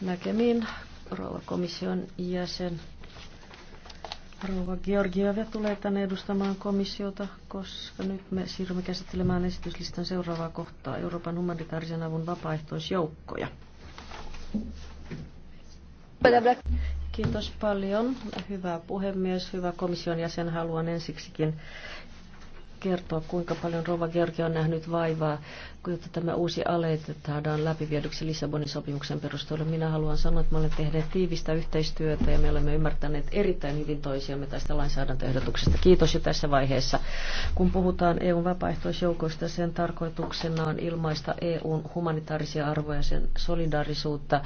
näkemiin rouva komission jäsen. Rouva Georgieva tulee tänne edustamaan komissiota, koska nyt me siirrymme käsittelemään esityslistan seuraavaa kohtaa Euroopan humanitaarisen avun vapaaehtoisjoukkoja. Kiitos paljon. Hyvä puhemies, hyvä komission jäsen. Haluan ensiksikin kertoa, kuinka paljon Rova Georgia on nähnyt vaivaa, jotta tämä uusi aleite saadaan läpiviedyksi Lissabonin sopimuksen perusteella. Minä haluan sanoa, että me olemme tehneet tiivistä yhteistyötä ja me olemme ymmärtäneet erittäin hyvin toisiamme tästä lainsäädäntöehdotuksesta. Kiitos jo tässä vaiheessa. Kun puhutaan EUn vapaaehtoisjoukoista, sen tarkoituksena on ilmaista EUn humanitaarisia arvoja, sen solidaarisuutta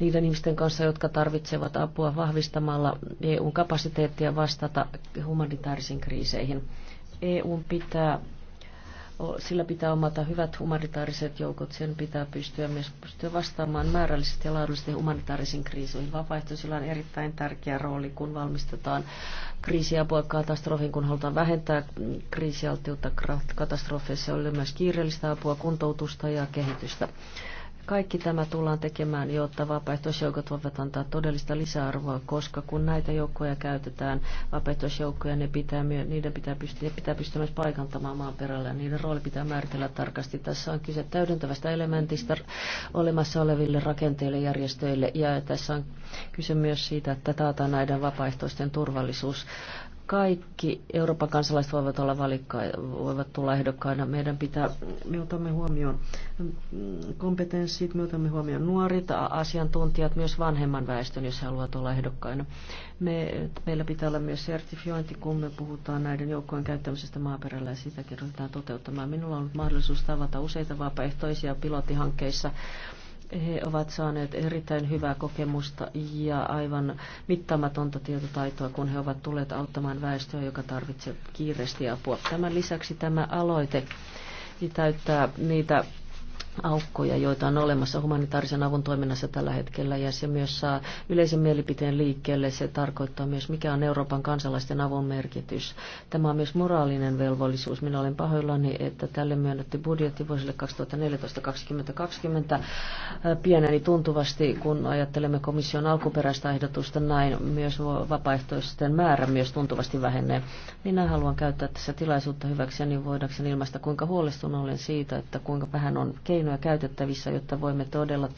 niiden ihmisten kanssa, jotka tarvitsevat apua vahvistamalla EUn kapasiteettia vastata humanitaarisiin kriiseihin. EUn pitää, sillä pitää omata hyvät humanitaariset joukot, sen pitää pystyä myös pystyä vastaamaan määrällisesti ja laadullisesti humanitaarisiin kriiseihin. Vapaaehtoisilla on erittäin tärkeä rooli, kun valmistetaan kriisiapua katastrofiin, kun halutaan vähentää kriisialtiutta katastrofeissa, oli myös kiireellistä apua, kuntoutusta ja kehitystä. Kaikki tämä tullaan tekemään, jotta vapaaehtoisjoukot voivat antaa todellista lisäarvoa, koska kun näitä joukkoja käytetään, vapaaehtoisjoukkoja, ne pitää, niiden pitää pystyä, pitää pystyä myös paikantamaan ja Niiden rooli pitää määritellä tarkasti. Tässä on kyse täydentävästä elementistä olemassa oleville rakenteille, järjestöille ja tässä on kyse myös siitä, että taataan näiden vapaaehtoisten turvallisuus kaikki Euroopan kansalaiset voivat, olla valikka, voivat tulla ehdokkaina. Meidän pitää, me otamme huomioon mm, kompetenssit, me otamme huomioon nuorita, asiantuntijat, myös vanhemman väestön, jos he haluavat olla ehdokkaina. Me, meillä pitää olla myös sertifiointi, kun me puhutaan näiden joukkojen käyttämisestä maaperällä ja sitäkin ryhdytään toteuttamaan. Minulla on ollut mahdollisuus tavata useita vapaaehtoisia pilottihankkeissa he ovat saaneet erittäin hyvää kokemusta ja aivan mittaamatonta tietotaitoa, kun he ovat tulleet auttamaan väestöä, joka tarvitsee kiireesti apua. Tämän lisäksi tämä aloite niin täyttää niitä aukkoja, joita on olemassa humanitaarisen avun toiminnassa tällä hetkellä, ja se myös saa yleisen mielipiteen liikkeelle. Se tarkoittaa myös, mikä on Euroopan kansalaisten avun merkitys. Tämä on myös moraalinen velvollisuus. Minä olen pahoillani, että tälle myönnetty budjetti vuosille 2014-2020 äh, pieneni tuntuvasti, kun ajattelemme komission alkuperäistä ehdotusta näin. Myös vapaaehtoisten määrä myös tuntuvasti vähenee. Minä haluan käyttää tässä tilaisuutta hyväkseni voidakseni ilmaista, kuinka huolestunut olen siitä, että kuinka vähän on keinoja keinoja käytettävissä, jotta voimme todella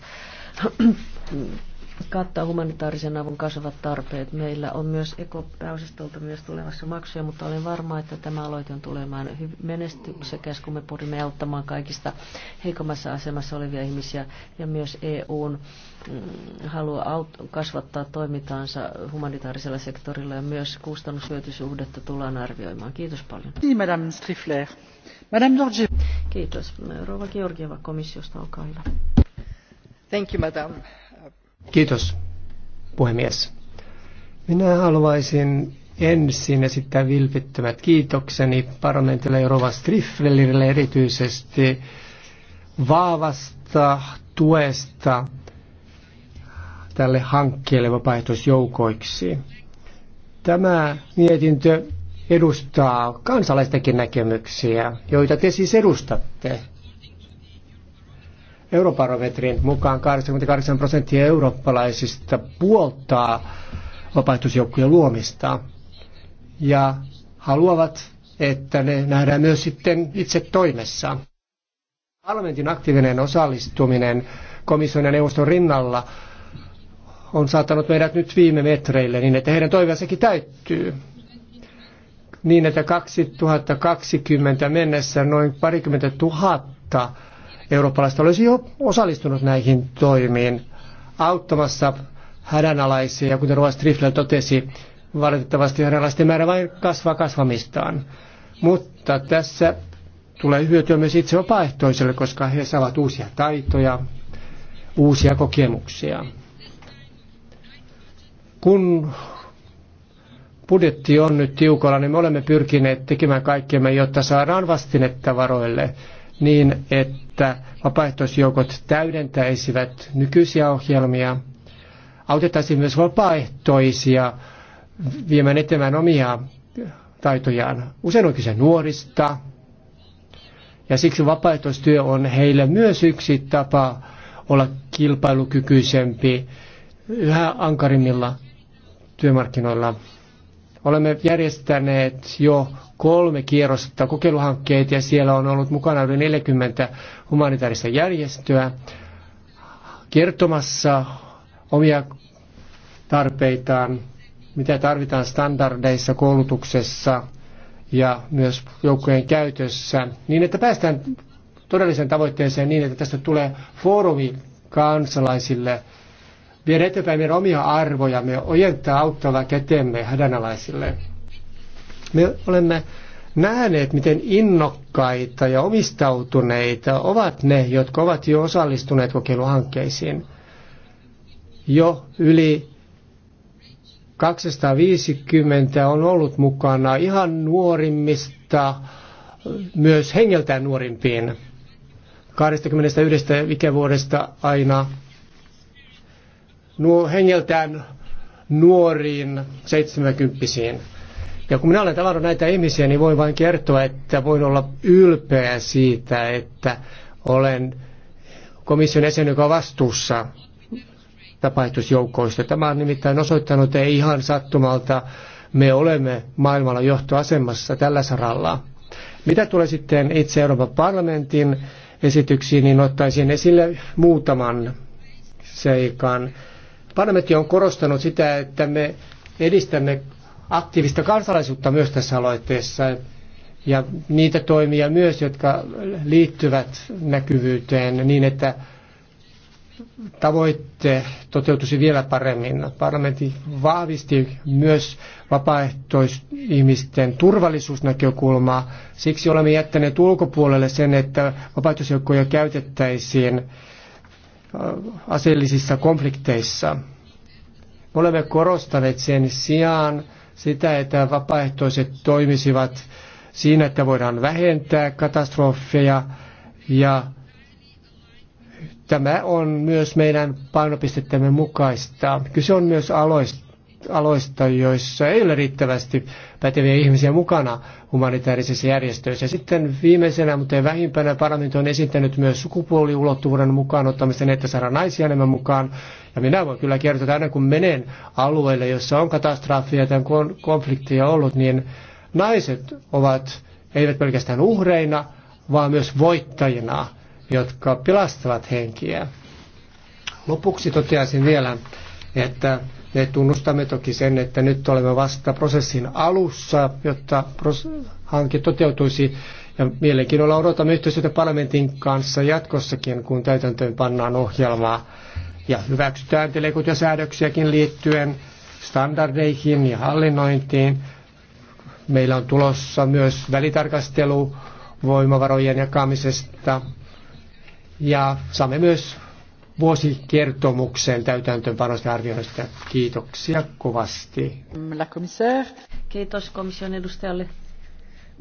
kattaa humanitaarisen avun kasvavat tarpeet. Meillä on myös ekopääosastolta myös tulevassa maksuja, mutta olen varma, että tämä aloite on tulemaan menestyksekäs, kun me pyrimme auttamaan kaikista heikommassa asemassa olevia ihmisiä ja myös EUn mm, halua kasvattaa toimintaansa humanitaarisella sektorilla ja myös kustannushyötysuhdetta tullaan arvioimaan. Kiitos paljon. Niin, Madame Strifler. Madame Kiitos. Rouva Georgieva komissiosta, olkaa hyvä. Kiitos, puhemies. Minä haluaisin ensin esittää vilpittömät kiitokseni parlamentille ja Rova Strifflerille erityisesti vaavasta tuesta tälle hankkeelle vapaaehtoisjoukoiksi. Tämä mietintö edustaa kansalaistenkin näkemyksiä, joita te siis edustatte. Eurobarometrin mukaan 88 prosenttia eurooppalaisista puoltaa vapaaehtoisjoukkojen luomista ja haluavat, että ne nähdään myös sitten itse toimessa. Parlamentin aktiivinen osallistuminen komission ja neuvoston rinnalla on saattanut meidät nyt viime metreille niin, että heidän toiveensakin täyttyy niin, että 2020 mennessä noin parikymmentä tuhatta eurooppalaista olisi jo osallistunut näihin toimiin auttamassa hädänalaisia, kuten Ruoas Strifler totesi, valitettavasti hädänalaisten määrä vain kasvaa kasvamistaan. Mutta tässä tulee hyötyä myös itse vapaaehtoiselle, koska he saavat uusia taitoja, uusia kokemuksia. Kun budjetti on nyt tiukalla, niin me olemme pyrkineet tekemään kaikkemme, jotta saadaan vastinetta varoille niin, että vapaaehtoisjoukot täydentäisivät nykyisiä ohjelmia, autettaisiin myös vapaaehtoisia viemään eteenpäin omia taitojaan. Usein on kyse nuorista, ja siksi vapaaehtoistyö on heille myös yksi tapa olla kilpailukykyisempi yhä ankarimmilla työmarkkinoilla. Olemme järjestäneet jo kolme kierrosta kokeiluhankkeita ja siellä on ollut mukana yli 40 humanitaarista järjestöä kertomassa omia tarpeitaan, mitä tarvitaan standardeissa, koulutuksessa ja myös joukkojen käytössä, niin että päästään todelliseen tavoitteeseen niin, että tästä tulee foorumi kansalaisille viedä eteenpäin meidän omia arvojamme, ojentaa auttavaa kätemme hädänalaisille. Me olemme nähneet, miten innokkaita ja omistautuneita ovat ne, jotka ovat jo osallistuneet kokeiluhankkeisiin. Jo yli 250 on ollut mukana ihan nuorimmista, myös hengeltään nuorimpiin. 21 ikävuodesta aina nuo, hengeltään nuoriin seitsemänkymppisiin. Ja kun minä olen tavannut näitä ihmisiä, niin voin vain kertoa, että voin olla ylpeä siitä, että olen komission jäsen, joka on vastuussa tapahtusjoukkoista. Tämä on nimittäin osoittanut, että ei ihan sattumalta me olemme maailmalla johtoasemassa tällä saralla. Mitä tulee sitten itse Euroopan parlamentin esityksiin, niin ottaisin esille muutaman seikan. Parlamentti on korostanut sitä, että me edistämme aktiivista kansalaisuutta myös tässä aloitteessa ja niitä toimia myös, jotka liittyvät näkyvyyteen niin, että tavoitte toteutuisi vielä paremmin. Parlamentti vahvisti myös vapaaehtoisihmisten turvallisuusnäkökulmaa. Siksi olemme jättäneet ulkopuolelle sen, että vapaaehtoisjoukkoja käytettäisiin aseellisissa konflikteissa. Me olemme korostaneet sen sijaan sitä, että vapaaehtoiset toimisivat siinä, että voidaan vähentää katastrofeja ja tämä on myös meidän painopistettämme mukaista. Kyse on myös aloista aloista, joissa ei ole riittävästi päteviä ihmisiä mukana humanitaarisissa järjestöissä. Sitten viimeisenä, mutta ei vähimpänä, parlamentti on esittänyt myös sukupuoliulottuvuuden mukaan ottamista, niin, että saadaan naisia enemmän mukaan. Ja minä voin kyllä kertoa, että aina kun menen alueelle, jossa on katastrofia tai konflikteja ollut, niin naiset ovat eivät pelkästään uhreina, vaan myös voittajina, jotka pilastavat henkiä. Lopuksi toteaisin vielä, että me tunnustamme toki sen, että nyt olemme vasta prosessin alussa, jotta hanke toteutuisi. Ja mielenkiinnolla odotamme yhteistyötä parlamentin kanssa jatkossakin, kun täytäntöön pannaan ohjelmaa ja hyväksytään telekut säädöksiäkin liittyen standardeihin ja hallinnointiin. Meillä on tulossa myös välitarkastelu voimavarojen jakamisesta ja saamme myös vuosikertomuksen täytäntöönpanosta arvioinnista. Kiitoksia kovasti. Kiitos komission edustajalle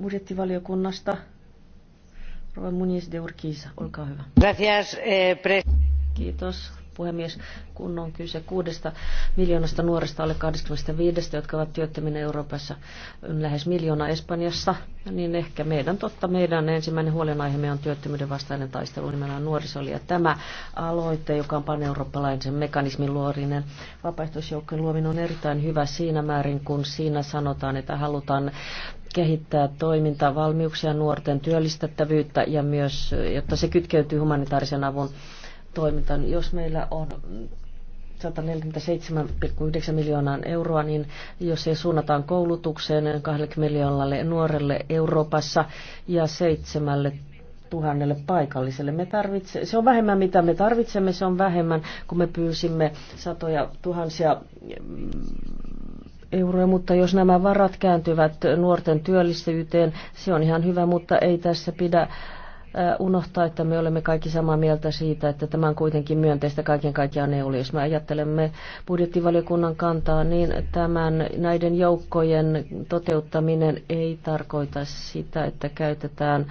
budjettivaliokunnasta. Rova Muniz de Urquiza, olkaa hyvä. Eh, Kiitos puhemies, kun on kyse kuudesta miljoonasta nuoresta alle 25, jotka ovat työttöminä Euroopassa, lähes miljoona Espanjassa, niin ehkä meidän totta, meidän ensimmäinen huolenaiheemme on työttömyyden vastainen taistelu nimenomaan nuorisolle. Ja tämä aloite, joka on paneurooppalaisen mekanismin luorinen vapaaehtoisjoukkojen luominen on erittäin hyvä siinä määrin, kun siinä sanotaan, että halutaan kehittää toimintavalmiuksia nuorten työllistettävyyttä ja myös, jotta se kytkeytyy humanitaarisen avun toimintaan. Jos meillä on 147,9 miljoonaa euroa, niin jos se suunnataan koulutukseen 20 miljoonalle nuorelle Euroopassa ja seitsemälle tuhannelle paikalliselle. Me tarvitse, se on vähemmän mitä me tarvitsemme, se on vähemmän kun me pyysimme satoja tuhansia euroja, mutta jos nämä varat kääntyvät nuorten työllisyyteen, se on ihan hyvä, mutta ei tässä pidä äh, unohtaa, että me olemme kaikki samaa mieltä siitä, että tämä on kuitenkin myönteistä kaiken kaikkiaan EU. Jos me ajattelemme budjettivaliokunnan kantaa, niin tämän, näiden joukkojen toteuttaminen ei tarkoita sitä, että käytetään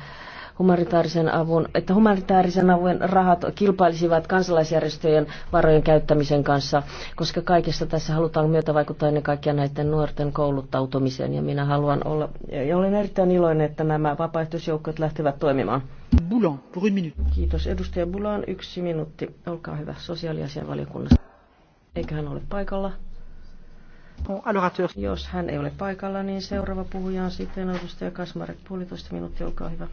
humanitaarisen avun, että humanitaarisen avun rahat kilpailisivat kansalaisjärjestöjen varojen käyttämisen kanssa, koska kaikessa tässä halutaan myötä vaikuttaa ennen kaikkea näiden nuorten kouluttautumiseen ja minä haluan olla, ja olen erittäin iloinen, että nämä vapaaehtoisjoukkueet lähtevät toimimaan. Boulan, pour une minute. Kiitos. Edustaja Bulan, yksi minuutti. Olkaa hyvä, valiokunnassa. Eikä hän ole paikalla. Jos hän ei ole paikalla, niin seuraava puhuja on sitten edustaja Kasmarek. Puolitoista minuuttia, olkaa hyvä.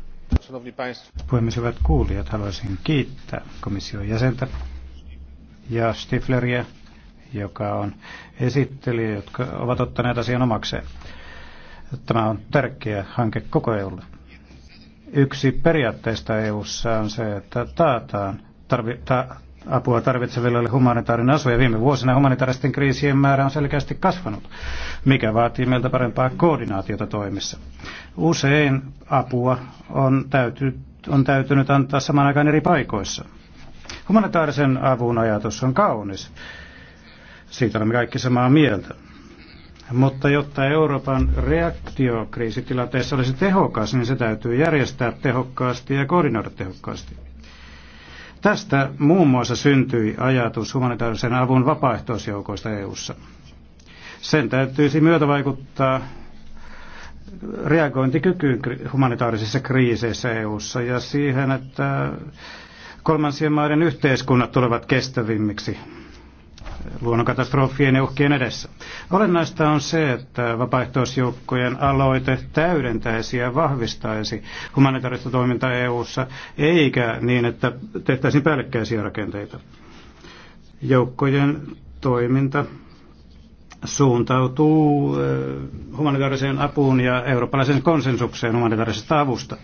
Puhemies, hyvät kuulijat, haluaisin kiittää komission jäsentä ja Stifleria, joka on esittelijä, jotka ovat ottaneet asian omakseen. Tämä on tärkeä hanke koko EUlle. Yksi periaatteista EUssa on se, että taataan tarvi, ta, apua tarvitseville humanitaarinen asu ja viime vuosina humanitaaristen kriisien määrä on selkeästi kasvanut, mikä vaatii meiltä parempaa koordinaatiota toimissa. Usein apua on, täyty, on täytynyt antaa saman aikaan eri paikoissa. Humanitaarisen avun ajatus on kaunis. Siitä olemme kaikki samaa mieltä. Mutta jotta Euroopan reaktio kriisitilanteessa olisi tehokas, niin se täytyy järjestää tehokkaasti ja koordinoida tehokkaasti. Tästä muun muassa syntyi ajatus humanitaarisen avun vapaaehtoisjoukoista EU:ssa. Sen täytyisi myötävaikuttaa reagointikykyyn humanitaarisissa kriiseissä EU:ssa ja siihen, että kolmansien maiden yhteiskunnat tulevat kestävimmiksi luonnonkatastrofien ja uhkien edessä. Olennaista on se, että vapaaehtoisjoukkojen aloite täydentäisi ja vahvistaisi humanitaarista toimintaa EU-ssa, eikä niin, että tehtäisiin päällekkäisiä rakenteita. Joukkojen toiminta suuntautuu eh, humanitaariseen apuun ja eurooppalaisen konsensukseen humanitaarisesta avusta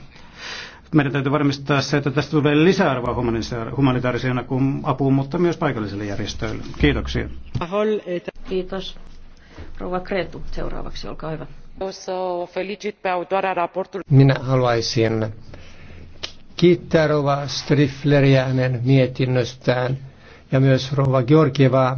meidän täytyy varmistaa se, että tästä tulee lisäarvoa humanitaarisen apuun, mutta myös paikallisille järjestöille. Kiitoksia. Kiitos. Rouva Kretu, seuraavaksi, olkaa hyvä. Minä haluaisin kiittää Rova Striffleriä hänen mietinnöstään ja myös Rova Georgievaa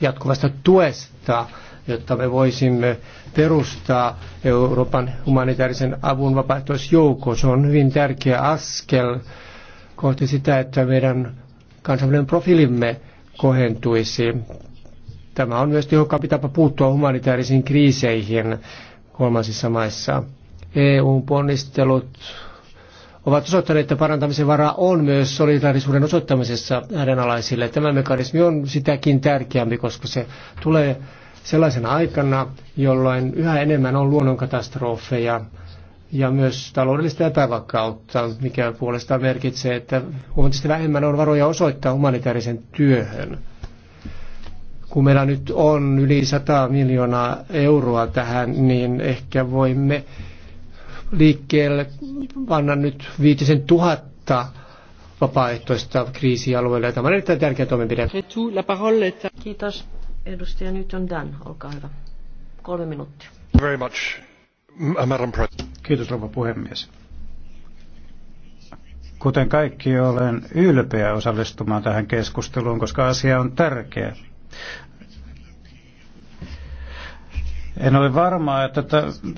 jatkuvasta tuesta jotta me voisimme perustaa Euroopan humanitaarisen avun vapaaehtoisjoukon. Se on hyvin tärkeä askel kohti sitä, että meidän kansainvälinen profiilimme kohentuisi. Tämä on myös tehokkaampi tapa puuttua humanitaarisiin kriiseihin kolmansissa maissa. EUn ponnistelut ovat osoittaneet, että parantamisen varaa on myös solidaarisuuden osoittamisessa hädänalaisille. Tämä mekanismi on sitäkin tärkeämpi, koska se tulee sellaisena aikana, jolloin yhä enemmän on luonnonkatastrofeja ja myös taloudellista epävakautta, mikä puolestaan merkitsee, että huomattavasti vähemmän on varoja osoittaa humanitaarisen työhön. Kun meillä nyt on yli 100 miljoonaa euroa tähän, niin ehkä voimme liikkeelle panna nyt viitisen tuhatta vapaaehtoista kriisialueelle. Tämä on erittäin tärkeä toimenpide. Kiitos. Edustaja Newton Dan, olkaa hyvä. Kolme minuuttia. Very much, uh, Madam President. Kiitos, rouva puhemies. Kuten kaikki, olen ylpeä osallistumaan tähän keskusteluun, koska asia on tärkeä. En ole varma, että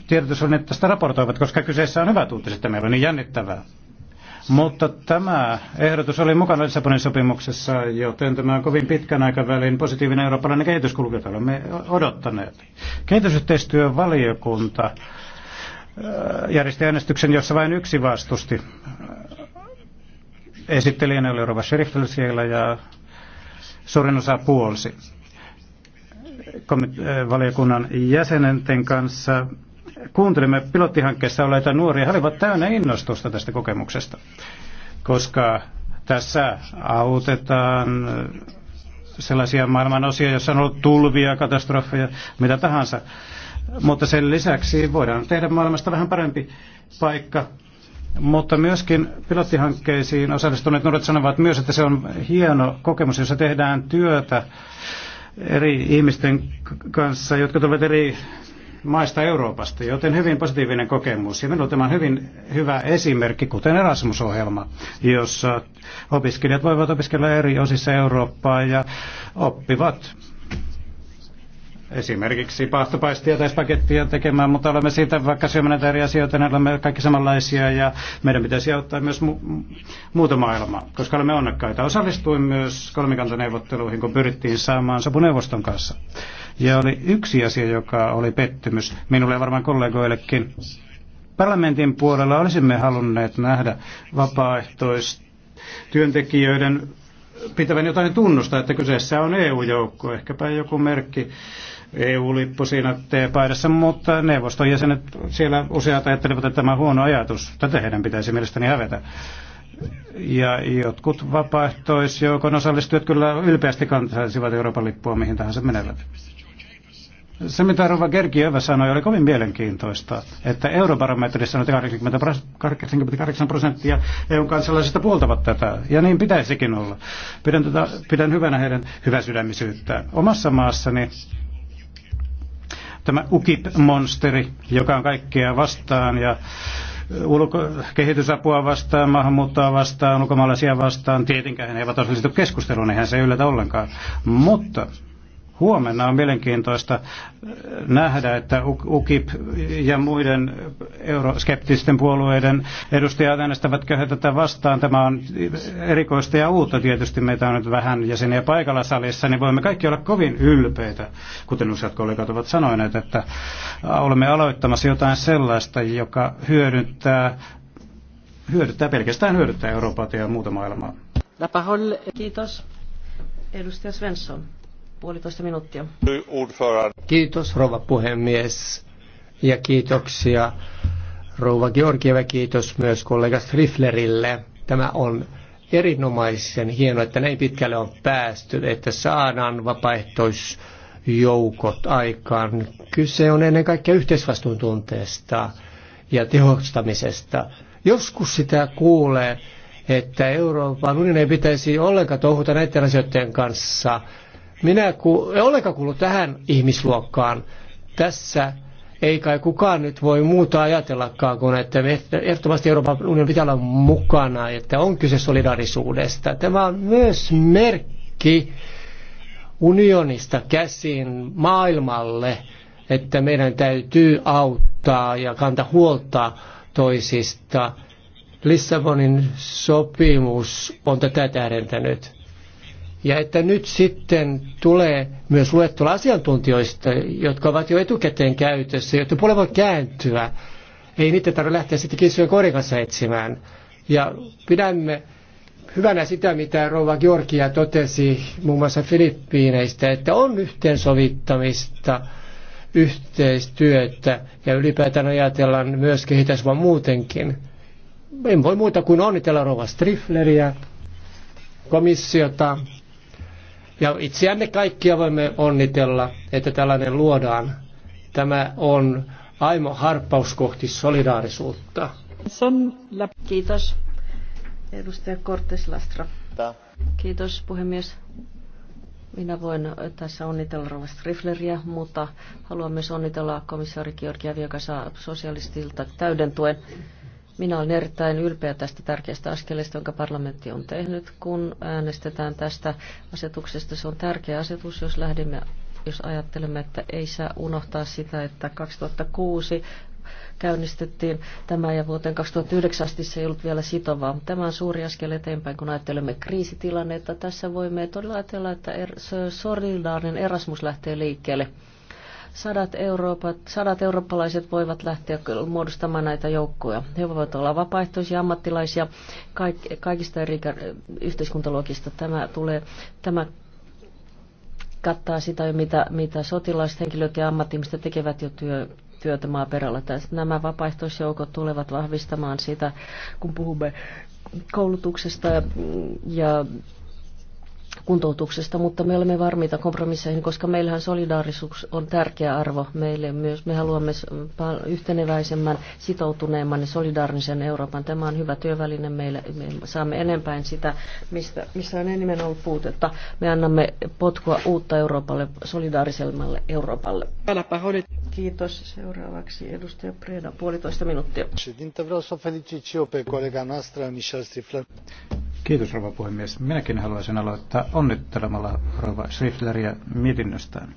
tiedotusvälineet tästä raportoivat, koska kyseessä on hyvä uutiset, että meillä on niin jännittävää. Mutta tämä ehdotus oli mukana Lissabonin sopimuksessa, joten tämä on kovin pitkän aikavälin positiivinen eurooppalainen kehityskulku, jota olemme odottaneet. Kehitysyhteistyövaliokunta äh, järjesti äänestyksen, jossa vain yksi vastusti. Esittelijänä oli Rova Sheriffel siellä ja suurin osa puolsi äh, valiokunnan jäsenenten kanssa kuuntelimme pilottihankkeessa olleita nuoria, he olivat täynnä innostusta tästä kokemuksesta, koska tässä autetaan sellaisia maailman osia, joissa on ollut tulvia, katastrofeja, mitä tahansa. Mutta sen lisäksi voidaan tehdä maailmasta vähän parempi paikka. Mutta myöskin pilottihankkeisiin osallistuneet nuoret sanovat myös, että se on hieno kokemus, jossa tehdään työtä eri ihmisten kanssa, jotka tulevat eri maista Euroopasta, joten hyvin positiivinen kokemus. Ja minulla tämä on hyvin hyvä esimerkki, kuten Erasmus-ohjelma, jossa opiskelijat voivat opiskella eri osissa Eurooppaa ja oppivat esimerkiksi pahtopaistia tai pakettia tekemään, mutta olemme siitä vaikka syömään eri asioita, niin olemme kaikki samanlaisia ja meidän pitäisi auttaa myös mu- muuta maailmaa, koska olemme onnekkaita. Osallistuin myös kolmikantaneuvotteluihin, kun pyrittiin saamaan sopuneuvoston kanssa. Ja oli yksi asia, joka oli pettymys minulle ja varmaan kollegoillekin. Parlamentin puolella olisimme halunneet nähdä vapaaehtoistyöntekijöiden pitävän jotain tunnusta, että kyseessä on EU-joukko, ehkäpä joku merkki. EU-lippu siinä T-paidassa, mutta neuvoston jäsenet siellä useat ajattelevat, että tämä on huono ajatus. Tätä heidän pitäisi mielestäni hävetä. Ja jotkut vapaaehtoisjoukon osallistujat kyllä ylpeästi kantaisivat Euroopan lippua mihin tahansa menevät. Se, mitä Rova Gergieva sanoi, oli kovin mielenkiintoista, että eurobarometrissa noin 88 prosenttia EUn kansalaisista puoltavat tätä, ja niin pitäisikin olla. Pidän, tätä, pidän hyvänä heidän hyväsydämisyyttään. Omassa maassani tämä UKIP-monsteri, joka on kaikkea vastaan ja ulko- kehitysapua vastaan, maahanmuuttoa vastaan, ulkomaalaisia vastaan. Tietenkään he eivät osallistu keskusteluun, eihän se yllätä ollenkaan. Mutta Huomenna on mielenkiintoista nähdä, että UKIP ja muiden euroskeptisten puolueiden edustajat äänestävätkö he tätä vastaan. Tämä on erikoista ja uutta tietysti. Meitä on nyt vähän jäseniä paikalla salissa, niin voimme kaikki olla kovin ylpeitä, kuten useat kollegat ovat sanoneet, että olemme aloittamassa jotain sellaista, joka hyödyttää, hyödyttää pelkästään hyödyttää Euroopan ja muuta maailmaa. Kiitos. Edustaja Svensson puolitoista minuuttia. Kiitos rouva puhemies ja kiitoksia rouva Georgieva. Kiitos myös kollega Striflerille. Tämä on erinomaisen hienoa, että näin pitkälle on päästy, että saadaan vapaaehtoisjoukot aikaan. Kyse on ennen kaikkea yhteisvastuun tunteesta ja tehostamisesta. Joskus sitä kuulee, että Euroopan unionin ei pitäisi ollenkaan touhuta näiden asioiden kanssa, minä ku, en olekaan kuulu tähän ihmisluokkaan. Tässä ei kai kukaan nyt voi muuta ajatellakaan kuin, että ehdottomasti Euroopan unionin pitää olla mukana, että on kyse solidarisuudesta. Tämä on myös merkki unionista käsin maailmalle, että meidän täytyy auttaa ja kantaa huolta toisista. Lissabonin sopimus on tätä tähdentänyt ja että nyt sitten tulee myös luettelo asiantuntijoista, jotka ovat jo etukäteen käytössä, jotta puolella voi kääntyä. Ei niitä tarvitse lähteä sitten kissojen korin kanssa etsimään. Ja pidämme hyvänä sitä, mitä Rova Georgia totesi muun muassa Filippiineistä, että on yhteensovittamista, yhteistyötä ja ylipäätään ajatellaan myös kehitysvoa muutenkin. En voi muuta kuin onnitella Rova Striffleriä, komissiota ja itseämme kaikkia voimme onnitella, että tällainen luodaan. Tämä on aimo harppaus kohti solidaarisuutta. Kiitos. Edustaja Cortes Lastra. Kiitos puhemies. Minä voin tässä onnitella Rova Strifleria, mutta haluan myös onnitella komissaari Georgia Viekasa sosialistilta täyden tuen minä olen erittäin ylpeä tästä tärkeästä askeleesta, jonka parlamentti on tehnyt, kun äänestetään tästä asetuksesta. Se on tärkeä asetus, jos lähdemme jos ajattelemme, että ei saa unohtaa sitä, että 2006 käynnistettiin tämä ja vuoteen 2009 asti se ei ollut vielä sitovaa. Tämä on suuri askel eteenpäin, kun ajattelemme kriisitilannetta. Tässä voimme todella ajatella, että er, solidaarinen Erasmus lähtee liikkeelle. Sadat, Euroopat, sadat eurooppalaiset voivat lähteä muodostamaan näitä joukkoja. He voivat olla vapaaehtoisia ammattilaisia kaik, kaikista eri yhteiskuntaluokista. Tämä, tulee, tämä kattaa sitä, mitä, mitä sotilaiset henkilöt ja ammattimista tekevät jo työ, työtä maaperällä. Nämä vapaaehtoisjoukot tulevat vahvistamaan sitä, kun puhumme koulutuksesta ja kuntoutuksesta, mutta me olemme varmiita kompromisseihin, koska meillähän solidaarisuus on tärkeä arvo meille myös. Me haluamme yhteneväisemmän, sitoutuneemman ja solidaarisen Euroopan. Tämä on hyvä työväline meille. Me saamme enempäin sitä, mistä, missä on enemmän ollut puutetta. Me annamme potkua uutta Euroopalle, solidaarisemmalle Euroopalle. Kiitos. Seuraavaksi edustaja Preda, puolitoista minuuttia. Kiitos rouva puhemies. Minäkin haluaisin aloittaa onnittelemalla rouva Schriftleria mietinnöstään.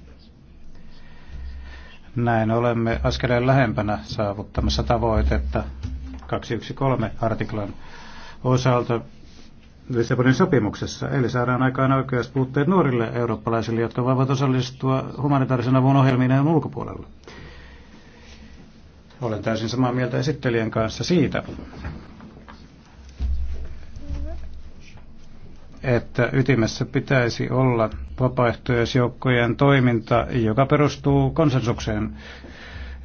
Näin olemme askeleen lähempänä saavuttamassa tavoitetta 213 artiklan osalta Lissabonin sopimuksessa, eli saadaan aikaan oikeuspuutteet nuorille eurooppalaisille, jotka voivat osallistua humanitaarisen avun ohjelmiin ja ulkopuolella. Olen täysin samaa mieltä esittelijän kanssa siitä, että ytimessä pitäisi olla vapaaehtoisjoukkojen toiminta, joka perustuu konsensukseen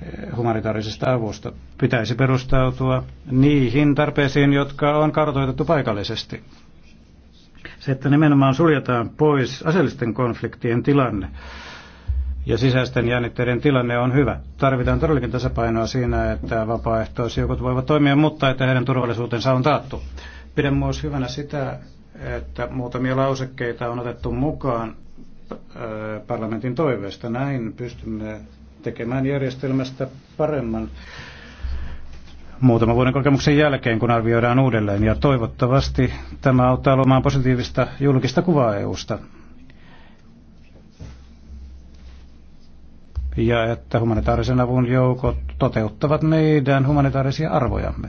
eh, humanitaarisesta avusta. Pitäisi perustautua niihin tarpeisiin, jotka on kartoitettu paikallisesti. Se, että nimenomaan suljetaan pois aseellisten konfliktien tilanne ja sisäisten jännitteiden tilanne on hyvä. Tarvitaan todellakin tasapainoa siinä, että vapaaehtoisjoukot voivat toimia, mutta että heidän turvallisuutensa on taattu. Pidän myös hyvänä sitä, että muutamia lausekkeita on otettu mukaan parlamentin toiveesta. Näin pystymme tekemään järjestelmästä paremman muutaman vuoden kokemuksen jälkeen, kun arvioidaan uudelleen. Ja toivottavasti tämä auttaa luomaan positiivista julkista kuvaa EUsta. Ja että humanitaarisen avun joukot toteuttavat meidän humanitaarisia arvojamme.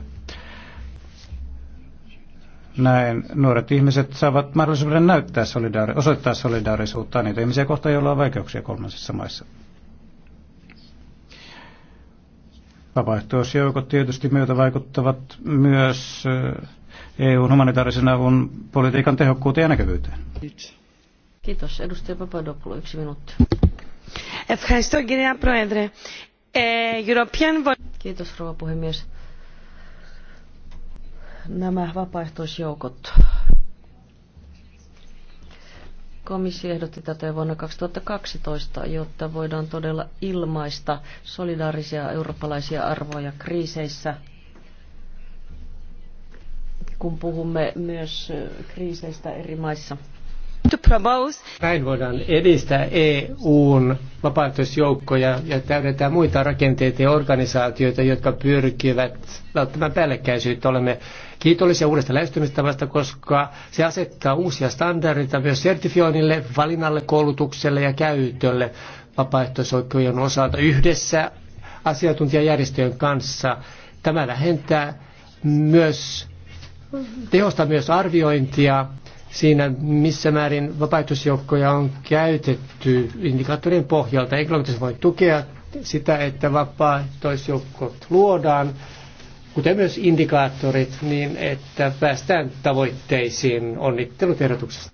Näin nuoret ihmiset saavat mahdollisuuden näyttää solidaari- osoittaa solidaarisuutta niitä ihmisiä kohtaan, joilla on vaikeuksia kolmansissa maissa. Vapaaehtoisjoukot tietysti myötä vaikuttavat myös eh, EUn humanitaarisen avun politiikan tehokkuuteen ja näkyvyyteen. Kiitos. Edustaja Papadopoulou, yksi minuutti. Eh, Kiitos, rouva puhemies nämä vapaaehtoisjoukot. Komissio ehdotti tätä vuonna 2012, jotta voidaan todella ilmaista solidaarisia eurooppalaisia arvoja kriiseissä, kun puhumme myös kriiseistä eri maissa. Näin voidaan edistää EUn vapaaehtoisjoukkoja ja täydentää muita rakenteita ja organisaatioita, jotka pyrkivät välttämään päällekkäisyyttä. Olemme kiitollisia uudesta lähestymistavasta, koska se asettaa uusia standardeita myös sertifioinnille, valinnalle, koulutukselle ja käytölle vapaaehtoisjoukkojen osalta yhdessä asiantuntijajärjestöjen kanssa. Tämä vähentää myös, tehostaa myös arviointia siinä, missä määrin vapaaehtoisjoukkoja on käytetty indikaattorien pohjalta. Ekologisesti voi tukea sitä, että vapaaehtoisjoukkot luodaan, kuten myös indikaattorit, niin että päästään tavoitteisiin. Onnittelut ehdotuksesta.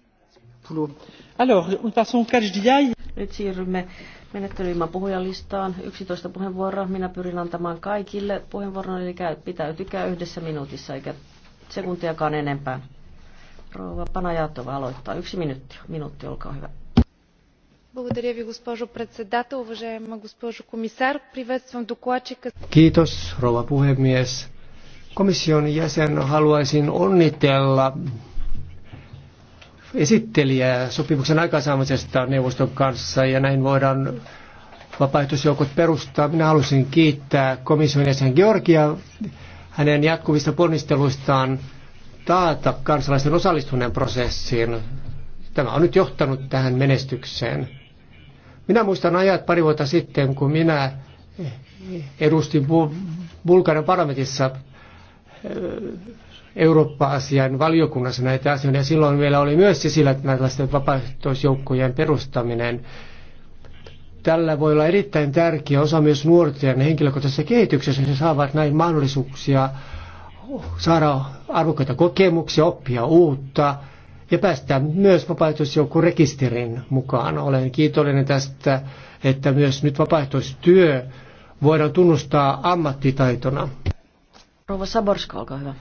Nyt siirrymme menettelyimman puhujalistaan. 11 puheenvuoroa. Minä pyrin antamaan kaikille puheenvuoron, eli pitäytykää yhdessä minuutissa, eikä sekuntiakaan enempää. Rouva Panajatova aloittaa. Yksi minuutti, minuutti olkaa hyvä. Благодаря ви, госпожо председател. Уважаема госпожо комисар, приветствам докладчика. Kiitos, rouva puhemies. Komission jäsen haluaisin onnitella esittelijää sopimuksen aikaansaamisesta neuvoston kanssa ja näin voidaan vapaaehtoisjoukot perustaa. Minä halusin kiittää komission jäsen Georgia hänen jatkuvista ponnisteluistaan taata kansalaisten osallistuminen prosessiin. Tämä on nyt johtanut tähän menestykseen. Minä muistan ajat pari vuotta sitten, kun minä edustin Bulgarian parlamentissa eh, Eurooppa-asian valiokunnassa näitä asioita, ja silloin meillä oli myös sisillä tällaisten vapaaehtoisjoukkojen perustaminen. Tällä voi olla erittäin tärkeä osa myös nuorten henkilökohtaisessa kehityksessä, jos he saavat näin mahdollisuuksia saada arvokkaita kokemuksia, oppia uutta ja päästä myös vapaaehtoisjoukkurekisterin mukaan. Olen kiitollinen tästä, että myös nyt vapaaehtoistyö voidaan tunnustaa ammattitaitona. Rouva Saborska, olkaa hyvä.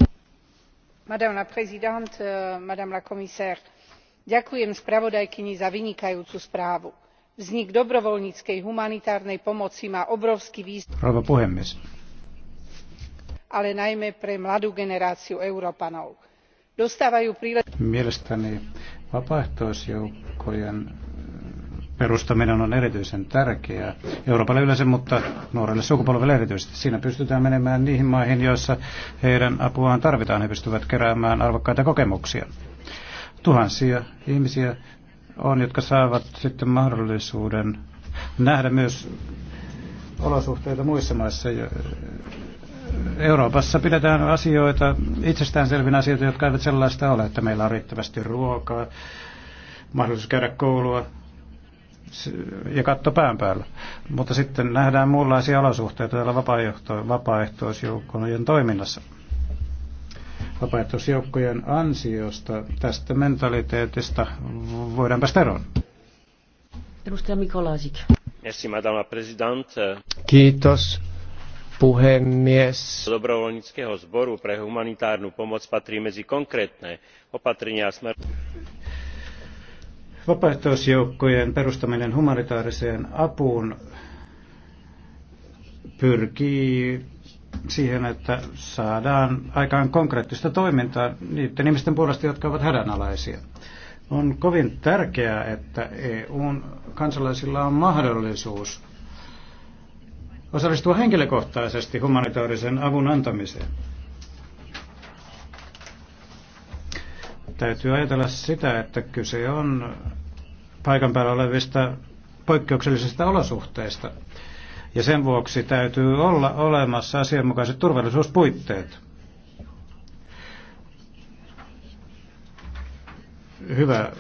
Madame la présidente, euh, madame la commissaire, ďakujem spravodajkyni za vynikajúcu správu. Vznik dobrovoľníckej humanitárnej pomoci má obrovský význam. Rouva puhemies, ale najmä pre mladú generáciu európanov. dostávajú mielestäni vapaaehtoisjoukkojen eh, perustaminen on erityisen tärkeää Euroopalle yleensä, mutta nuorelle sukupolvelle erityisesti. Siinä pystytään menemään niihin maihin, joissa heidän apuaan tarvitaan. He pystyvät keräämään arvokkaita kokemuksia. Tuhansia ihmisiä on, jotka saavat sitten mahdollisuuden nähdä myös olosuhteita muissa maissa, Euroopassa pidetään asioita, itsestäänselvinä asioita, jotka eivät sellaista ole, että meillä on riittävästi ruokaa, mahdollisuus käydä koulua ja katto pään päällä. Mutta sitten nähdään muunlaisia olosuhteita täällä vapaaehtoisjoukkojen toiminnassa. Vapaaehtoisjoukkojen ansiosta tästä mentaliteetista voidaan päästä eroon. Edustaja Mikolaisik. Kiitos puhemies dobrovoľníckeho zboru pre humanitárnu pomoc patrí medzi konkrétne opatrenia Vapaaehtoisjoukkojen perustaminen humanitaariseen apuun pyrkii siihen, että saadaan aikaan konkreettista toimintaa niiden ihmisten puolesta, jotka ovat hädänalaisia. On kovin tärkeää, että EUn kansalaisilla on mahdollisuus osallistua henkilökohtaisesti humanitaarisen avun antamiseen. Täytyy ajatella sitä, että kyse on paikan päällä olevista poikkeuksellisista olosuhteista. Ja sen vuoksi täytyy olla olemassa asianmukaiset turvallisuuspuitteet. Hyvä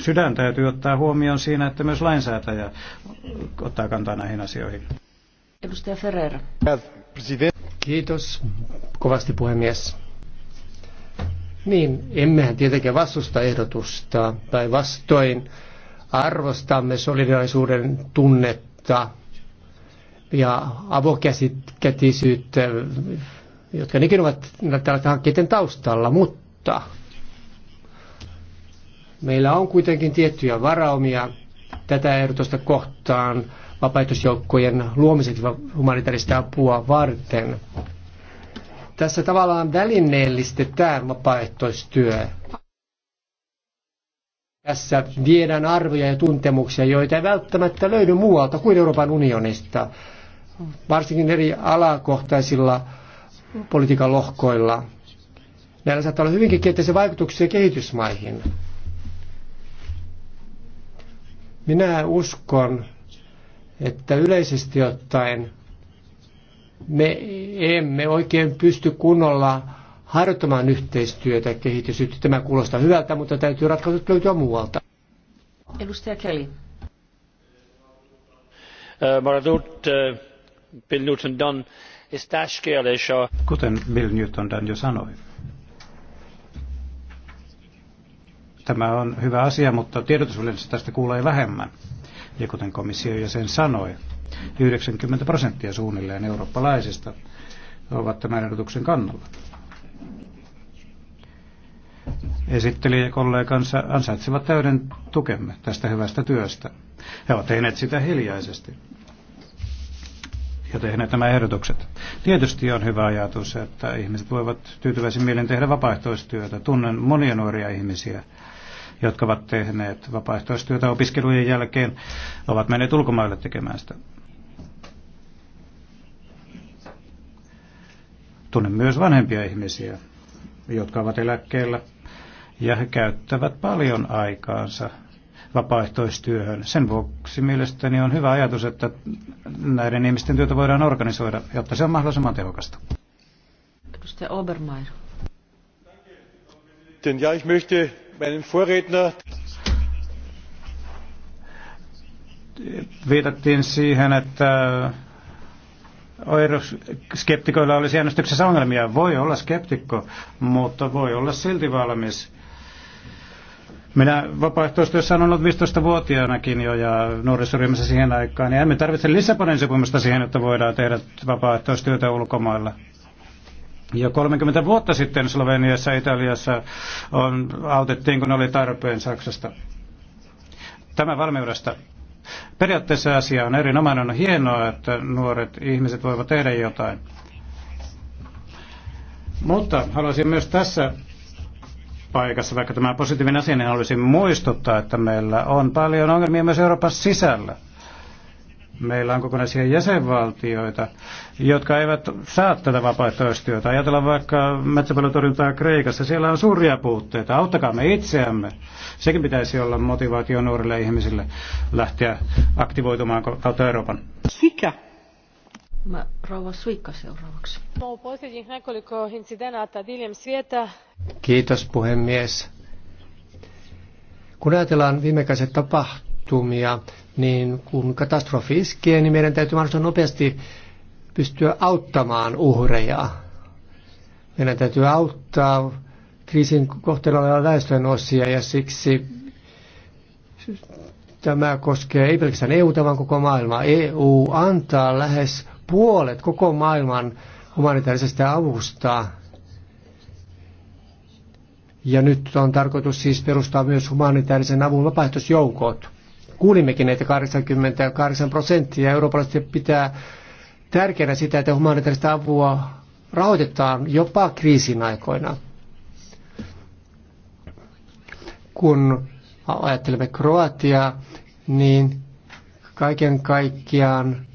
sydän täytyy ottaa huomioon siinä, että myös lainsäätäjä ottaa kantaa näihin asioihin. Edustaja Ferreira. Kiitos kovasti puhemies. Niin, emmehän tietenkään vastusta ehdotusta tai vastoin arvostamme solidaarisuuden tunnetta ja avokätisyyttä, jotka nekin ovat näiden hankkeiden taustalla, mutta Meillä on kuitenkin tiettyjä varaumia tätä ehdotusta kohtaan vapaaehtoisjoukkojen luomiseksi humanitaarista apua varten. Tässä tavallaan välineellistetään vapaaehtoistyö. Tässä viedään arvoja ja tuntemuksia, joita ei välttämättä löydy muualta kuin Euroopan unionista, varsinkin eri alakohtaisilla politiikan lohkoilla. Näillä saattaa olla hyvinkin kielteisiä vaikutuksia kehitysmaihin. Minä uskon, että yleisesti ottaen me emme oikein pysty kunnolla harjoittamaan yhteistyötä kehitysyhteistyötä. Tämä kuulostaa hyvältä, mutta täytyy ratkaisut löytyä muualta. Edustaja Kelly. Äh, äh, Kuten Bill Newton Dunn jo sanoi, Tämä on hyvä asia, mutta tiedotusvälineissä tästä kuulee vähemmän. Ja kuten komissio ja sen sanoi, 90 prosenttia suunnilleen eurooppalaisista ovat tämän ehdotuksen kannalla. Esittelijä ja kollegansa ansaitsevat täyden tukemme tästä hyvästä työstä. He ovat tehneet sitä hiljaisesti ja tehneet nämä ehdotukset. Tietysti on hyvä ajatus, että ihmiset voivat tyytyväisin mielen tehdä vapaaehtoistyötä. Tunnen monia nuoria ihmisiä, jotka ovat tehneet vapaaehtoistyötä opiskelujen jälkeen, ovat menneet ulkomaille tekemään sitä. Tunnen myös vanhempia ihmisiä, jotka ovat eläkkeellä, ja he käyttävät paljon aikaansa vapaaehtoistyöhön. Sen vuoksi mielestäni on hyvä ajatus, että näiden ihmisten työtä voidaan organisoida, jotta se on mahdollisimman tehokasta. Edustaja Obermeier. Ja, ich möchte meinen Vorredner viitattiin siihen, että euroskeptikoilla olisi äänestyksessä ongelmia. Voi olla skeptikko, mutta voi olla silti valmis. Minä vapaaehtoistyössä olen ollut 15-vuotiaanakin jo ja nuorisoryhmässä siihen aikaan. Ja emme tarvitse Lissabonin sopimusta siihen, että voidaan tehdä vapaaehtoistyötä ulkomailla. Jo 30 vuotta sitten Sloveniassa ja Italiassa on, autettiin, kun oli tarpeen Saksasta. Tämä valmiudesta. Periaatteessa asia on erinomainen. On hienoa, että nuoret ihmiset voivat tehdä jotain. Mutta haluaisin myös tässä paikassa, vaikka tämä positiivinen asia, niin haluaisin muistuttaa, että meillä on paljon ongelmia myös Euroopan sisällä. Meillä on kokonaisia jäsenvaltioita, jotka eivät saa tätä vapaaehtoistyötä. Ajatellaan vaikka metsäpalotorjuntaa Kreikassa. Siellä on suuria puutteita. Auttakaa me itseämme. Sekin pitäisi olla motivaatio nuorille ihmisille lähteä aktivoitumaan kautta Euroopan. Sikä. Mä rouva Suikka seuraavaksi. Kiitos puhemies. Kun ajatellaan viimekäiset tapahtumat, tapahtumia, niin kun katastrofi iskee, niin meidän täytyy mahdollisimman nopeasti pystyä auttamaan uhreja. Meidän täytyy auttaa kriisin kohteella olevia väestön osia ja siksi tämä koskee ei pelkästään EU, vaan koko maailmaa. EU antaa lähes puolet koko maailman humanitaarisesta avusta. Ja nyt on tarkoitus siis perustaa myös humanitaarisen avun vapaaehtoisjoukot. Kuulimmekin, että 88 prosenttia eurooppalaisista pitää tärkeänä sitä, että humanitaarista apua rahoitetaan jopa kriisin aikoina. Kun ajattelemme Kroatiaa, niin kaiken kaikkiaan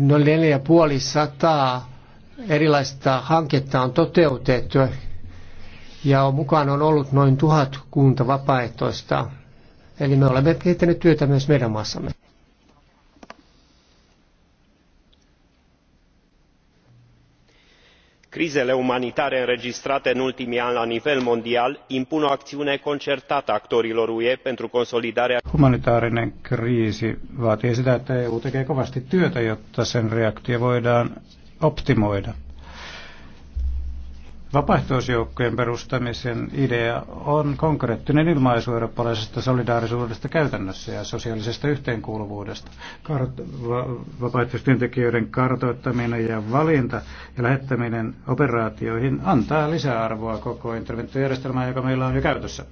noin 4500 erilaista hanketta on toteutettu ja mukaan on ollut noin tuhat kunta vapaaehtoista. Eli me olemme kehittäneet työtä myös meidän maassamme. crizele umanitare înregistrate în ultimii ani la nivel mondial impun o acțiune concertată a actorilor ue pentru consolidarea. humanitaarinen kriisi vaatii sitä että eu tekee kovasti työtä jotta sen reaktio voidaan optimoida. Vapaaehtoisjoukkojen perustamisen idea on konkreettinen ilmaisu eurooppalaisesta solidaarisuudesta käytännössä ja sosiaalisesta yhteenkuuluvuudesta. Kart- va- vapaaehtoistyöntekijöiden kartoittaminen ja valinta ja lähettäminen operaatioihin antaa lisäarvoa koko interventiojärjestelmään, joka meillä on jo käytössä.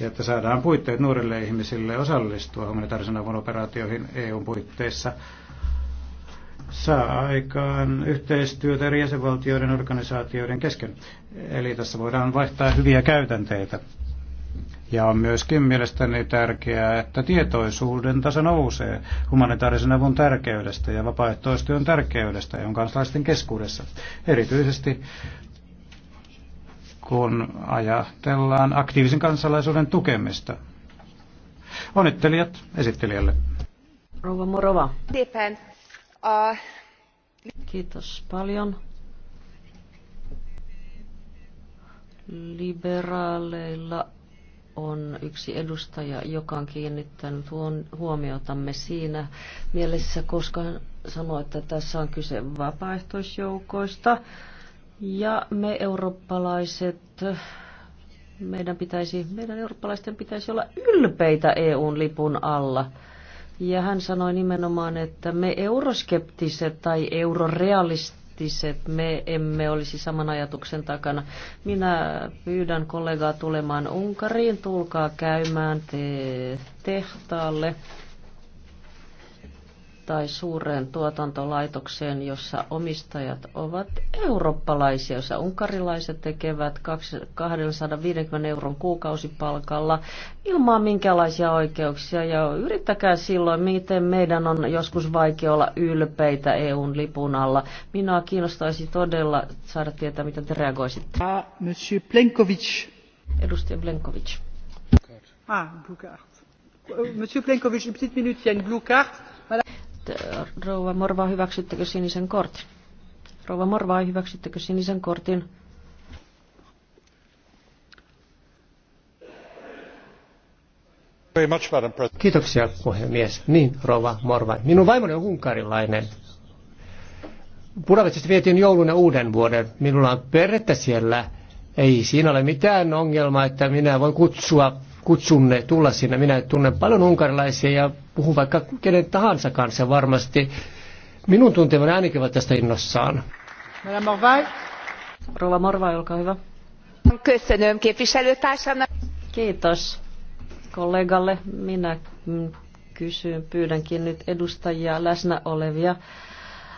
Ja että saadaan puitteet nuorille ihmisille osallistua humanitaarisen avun operaatioihin eu puitteissa saa aikaan yhteistyötä eri jäsenvaltioiden organisaatioiden kesken. Eli tässä voidaan vaihtaa hyviä käytänteitä. Ja on myöskin mielestäni tärkeää, että tietoisuuden taso nousee humanitaarisen avun tärkeydestä ja vapaaehtoistyön tärkeydestä on kansalaisten keskuudessa. Erityisesti kun ajatellaan aktiivisen kansalaisuuden tukemista. Onnittelijat esittelijälle. Rouva Morova. Tiepään. Kiitos paljon. Liberaaleilla on yksi edustaja, joka on kiinnittänyt huomiotamme siinä mielessä, koska sanoi, että tässä on kyse vapaaehtoisjoukoista. Ja me eurooppalaiset, meidän, pitäisi, meidän eurooppalaisten pitäisi olla ylpeitä EUn lipun alla. Ja hän sanoi nimenomaan, että me euroskeptiset tai eurorealistiset, me emme olisi saman ajatuksen takana. Minä pyydän kollegaa tulemaan Unkariin, tulkaa käymään te- tehtaalle tai suureen tuotantolaitokseen, jossa omistajat ovat eurooppalaisia, jossa unkarilaiset tekevät 250 euron kuukausipalkalla ilman minkälaisia oikeuksia. Ja yrittäkää silloin, miten meidän on joskus vaikea olla ylpeitä EUn lipun alla. Minua kiinnostaisi todella saada tietää, miten te reagoisitte. Ah, Monsieur Plenkovic. Edustaja Plenkovic. Ah, Blue Card. Monsieur Plenkovic, une petite minute, il y a une blue card. Voilà. Rouva Morva, hyväksyttekö sinisen kortin? Rouva Morva, hyväksyttekö sinisen kortin? Kiitoksia puhemies. Niin, rouva Morva. Minun vaimoni on unkarilainen. Budapestista vietin joulun ja uuden vuoden. Minulla on perhettä siellä. Ei siinä ole mitään ongelmaa, että minä voin kutsua kutsunne tulla sinne. Minä tunnen paljon unkarilaisia ja puhun vaikka kenen tahansa kanssa varmasti. Minun tuntemani ainakin ovat tästä innossaan. Rova Morvai, olkaa hyvä. Kiitos kollegalle. Minä kysyn, pyydänkin nyt edustajia, läsnä olevia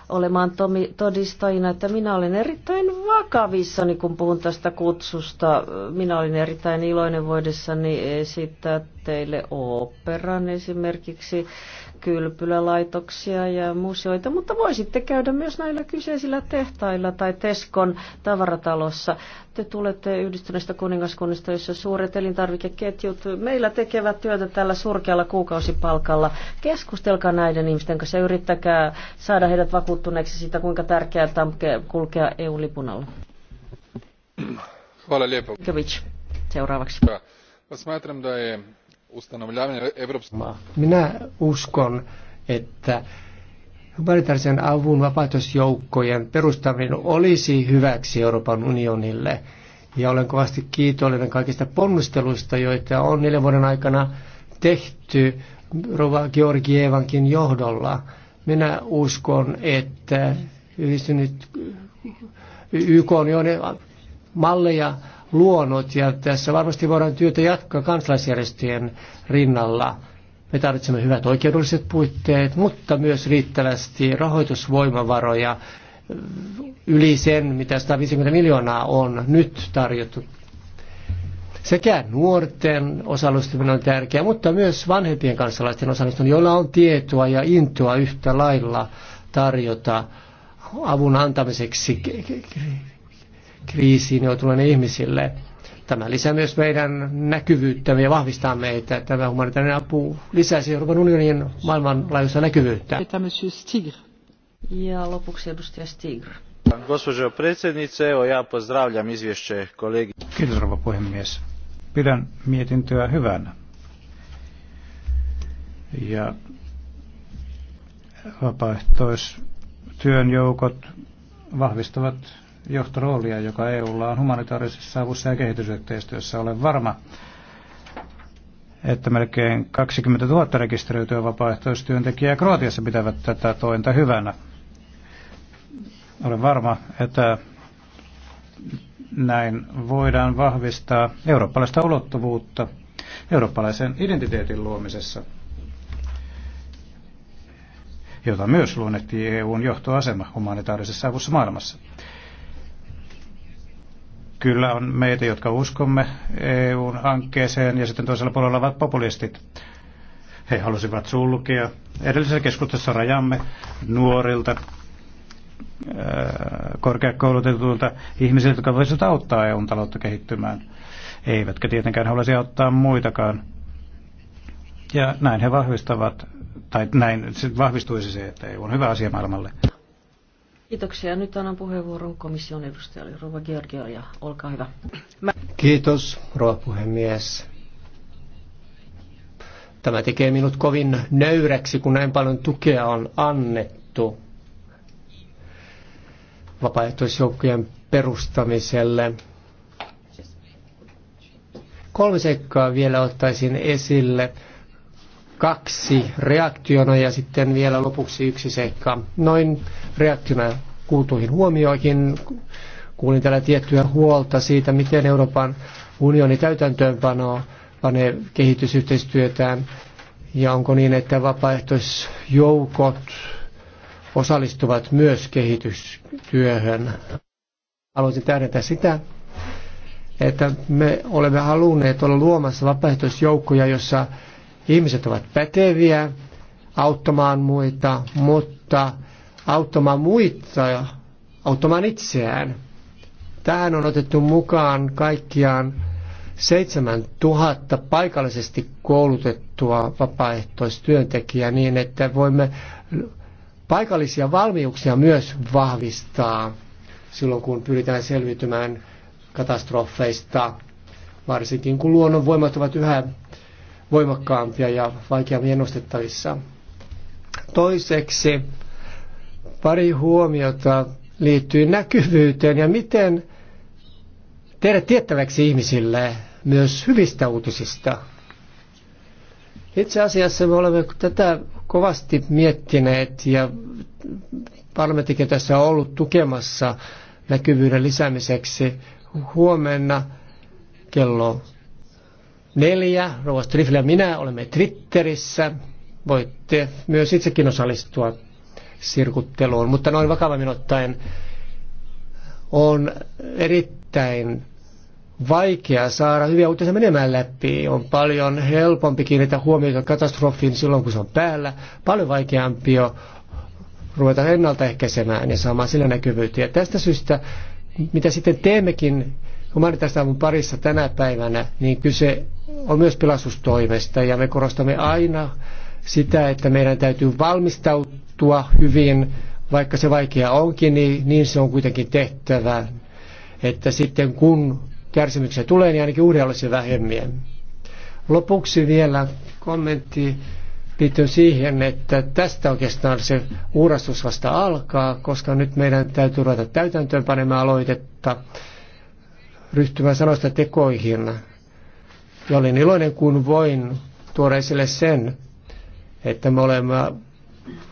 olemaan todistajina, että minä olen erittäin vakavissa, kun puhun tästä kutsusta. Minä olin erittäin iloinen voidessani esittää teille operan esimerkiksi kylpylälaitoksia ja museoita, mutta voisitte käydä myös näillä kyseisillä tehtailla tai Teskon tavaratalossa. Te tulette yhdistyneestä kuningaskunnista, jossa suuret elintarvikeketjut meillä tekevät työtä tällä surkealla kuukausipalkalla. Keskustelkaa näiden ihmisten kanssa ja yrittäkää saada heidät vakuuttuneeksi siitä, kuinka tärkeää on kulkea EU-lipun alla. Seuraavaksi. Minä uskon, että humanitaarisen avun vapaaehtoisjoukkojen perustaminen olisi hyväksi Euroopan unionille. Ja olen kovasti kiitollinen kaikista ponnisteluista, joita on neljän vuoden aikana tehty Rova Georgievankin johdolla. Minä uskon, että yhdistynyt YK on jo malleja luonut ja tässä varmasti voidaan työtä jatkaa kansalaisjärjestöjen rinnalla. Me tarvitsemme hyvät oikeudelliset puitteet, mutta myös riittävästi rahoitusvoimavaroja yli sen, mitä 150 miljoonaa on nyt tarjottu. Sekä nuorten osallistuminen on tärkeää, mutta myös vanhempien kansalaisten osallistuminen, joilla on tietoa ja intoa yhtä lailla tarjota avun antamiseksi kriisiin joutuneille ihmisille. Tämä lisää myös meidän näkyvyyttämme ja vahvistaa meitä. Tämä humanitaarinen apu lisäisi Euroopan unionin maailmanlaajuista näkyvyyttä. Ja lopuksi edustaja Stigr. kolegi. Kiitos rouva puhemies. Pidän mietintöä hyvänä. Ja vapaaehtoistyön joukot vahvistavat johtoroolia, joka EUlla on humanitaarisessa avussa ja kehitysyhteistyössä. Olen varma, että melkein 20 000 rekisteröityä vapaaehtoistyöntekijää Kroatiassa pitävät tätä tointa hyvänä. Olen varma, että näin voidaan vahvistaa eurooppalaista ulottuvuutta eurooppalaisen identiteetin luomisessa, jota myös luonnehtii EUn johtoasema humanitaarisessa avussa maailmassa. Kyllä on meitä, jotka uskomme eu hankkeeseen ja sitten toisella puolella ovat populistit. He halusivat sulkea edellisessä keskustassa rajamme nuorilta, äh, korkeakoulutetuilta ihmisiltä, jotka voisivat auttaa eu taloutta kehittymään. Eivätkä tietenkään haluaisi auttaa muitakaan. Ja näin he vahvistavat, tai näin vahvistuisi se, että EU on hyvä asia maailmalle. Kiitoksia. Nyt annan puheenvuoron komission edustajalle Rova Georgio ja olkaa hyvä. Mä... Kiitos, rouva puhemies. Tämä tekee minut kovin nöyräksi, kun näin paljon tukea on annettu vapaaehtoisjoukkojen perustamiselle. Kolme seikkaa vielä ottaisin esille kaksi reaktiona ja sitten vielä lopuksi yksi seikka. Noin reaktiona kuultuihin huomioihin kuulin täällä tiettyä huolta siitä, miten Euroopan unioni täytäntöönpano panee kehitysyhteistyötään ja onko niin, että vapaaehtoisjoukot osallistuvat myös kehitystyöhön. Haluaisin tähdentää sitä, että me olemme halunneet olla luomassa vapaaehtoisjoukkoja, jossa Ihmiset ovat päteviä auttamaan muita, mutta auttamaan muita, auttamaan itseään. Tähän on otettu mukaan kaikkiaan 7000 paikallisesti koulutettua vapaaehtoistyöntekijää niin, että voimme paikallisia valmiuksia myös vahvistaa silloin, kun pyritään selviytymään katastrofeista, varsinkin kun luonnonvoimat ovat yhä voimakkaampia ja vaikeammin ennustettavissa. Toiseksi pari huomiota liittyy näkyvyyteen ja miten tehdä tiettäväksi ihmisille myös hyvistä uutisista. Itse asiassa me olemme tätä kovasti miettineet ja parlamenttikin tässä on ollut tukemassa näkyvyyden lisäämiseksi. Huomenna kello neljä, Rouva Strifle ja minä olemme Twitterissä. Voitte myös itsekin osallistua sirkutteluun, mutta noin vakavammin ottaen on erittäin vaikea saada hyviä uutisia menemään läpi. On paljon helpompi kiinnittää huomiota katastrofiin silloin, kun se on päällä. Paljon vaikeampi on ruveta ennaltaehkäisemään ja saamaan sillä näkyvyyttä. Ja tästä syystä, mitä sitten teemmekin humanitaarista avun parissa tänä päivänä, niin kyse on myös pelastustoimesta ja me korostamme aina sitä, että meidän täytyy valmistautua hyvin, vaikka se vaikea onkin, niin, niin se on kuitenkin tehtävä, että sitten kun kärsimyksiä tulee, niin ainakin uudella olisi vähemmän. Lopuksi vielä kommentti liittyen siihen, että tästä oikeastaan se uurastus vasta alkaa, koska nyt meidän täytyy ruveta täytäntöön panemaan aloitetta ryhtymään sanoista tekoihin ja olen iloinen, kun voin tuoda esille sen, että me olemme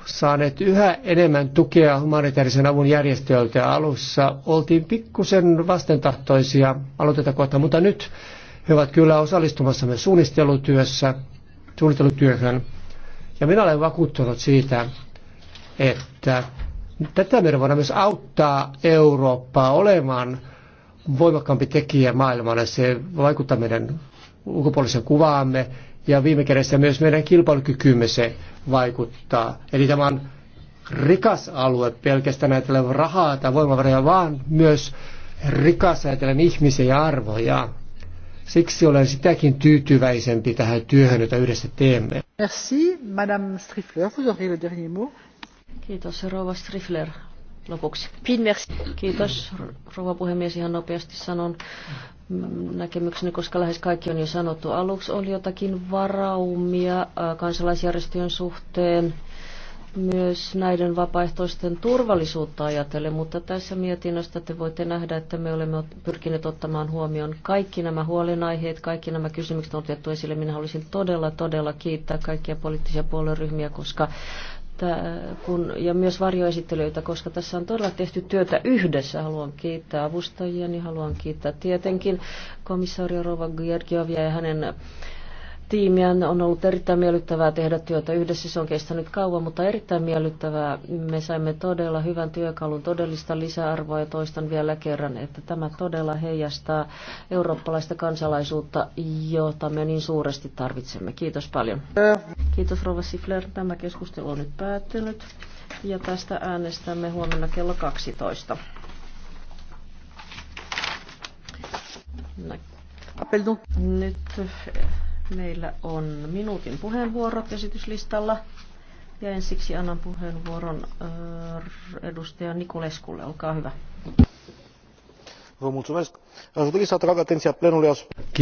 saaneet yhä enemmän tukea humanitaarisen avun järjestöiltä. Alussa oltiin pikkusen vastentahtoisia aloiteta kohtaan, mutta nyt he ovat kyllä osallistumassa me suunnittelutyössä, suunnittelutyöhön. Ja minä olen vakuuttunut siitä, että tätä meidän voidaan myös auttaa Eurooppaa olemaan voimakkaampi tekijä maailmalle. Se vaikuttaa meidän ulkopuolisen kuvaamme ja viime kädessä myös meidän kilpailukykymme se vaikuttaa. Eli tämä on rikas alue pelkästään ajatellen rahaa tai voimavaroja, vaan myös rikas ajatellen ihmisiä ja arvoja. Siksi olen sitäkin tyytyväisempi tähän työhön, jota yhdessä teemme. Merci, Madame Strifler. Vous aurez le dernier mot. Kiitos, Rouva Strifler lopuksi. Kiitos, rouva puhemies. Ihan nopeasti sanon näkemykseni, koska lähes kaikki on jo sanottu. Aluksi oli jotakin varaumia äh, kansalaisjärjestöjen suhteen myös näiden vapaaehtoisten turvallisuutta ajatellen, mutta tässä mietinnöstä te voitte nähdä, että me olemme pyrkineet ottamaan huomioon kaikki nämä huolenaiheet, kaikki nämä kysymykset on otettu esille. Minä haluaisin todella, todella kiittää kaikkia poliittisia puolueryhmiä, koska Äh, kun, ja myös varjoesittelyitä, koska tässä on todella tehty työtä yhdessä. Haluan kiittää avustajia, niin haluan kiittää tietenkin komissaario Rova Georgiovia ja hänen tiimiä. On ollut erittäin miellyttävää tehdä työtä yhdessä. Se on kestänyt kauan, mutta erittäin miellyttävää. Me saimme todella hyvän työkalun, todellista lisäarvoa ja toistan vielä kerran, että tämä todella heijastaa eurooppalaista kansalaisuutta, jota me niin suuresti tarvitsemme. Kiitos paljon. Kiitos Rova Sifler. Tämä keskustelu on nyt päättynyt ja tästä äänestämme huomenna kello 12. Näin. Nyt Meillä on minuutin puheenvuorot esityslistalla. Ja ensiksi annan puheenvuoron äh, edustaja Nikuleskulle. Olkaa hyvä. Vă mulțumesc. Aș dori să atrag atenția plenului asupra...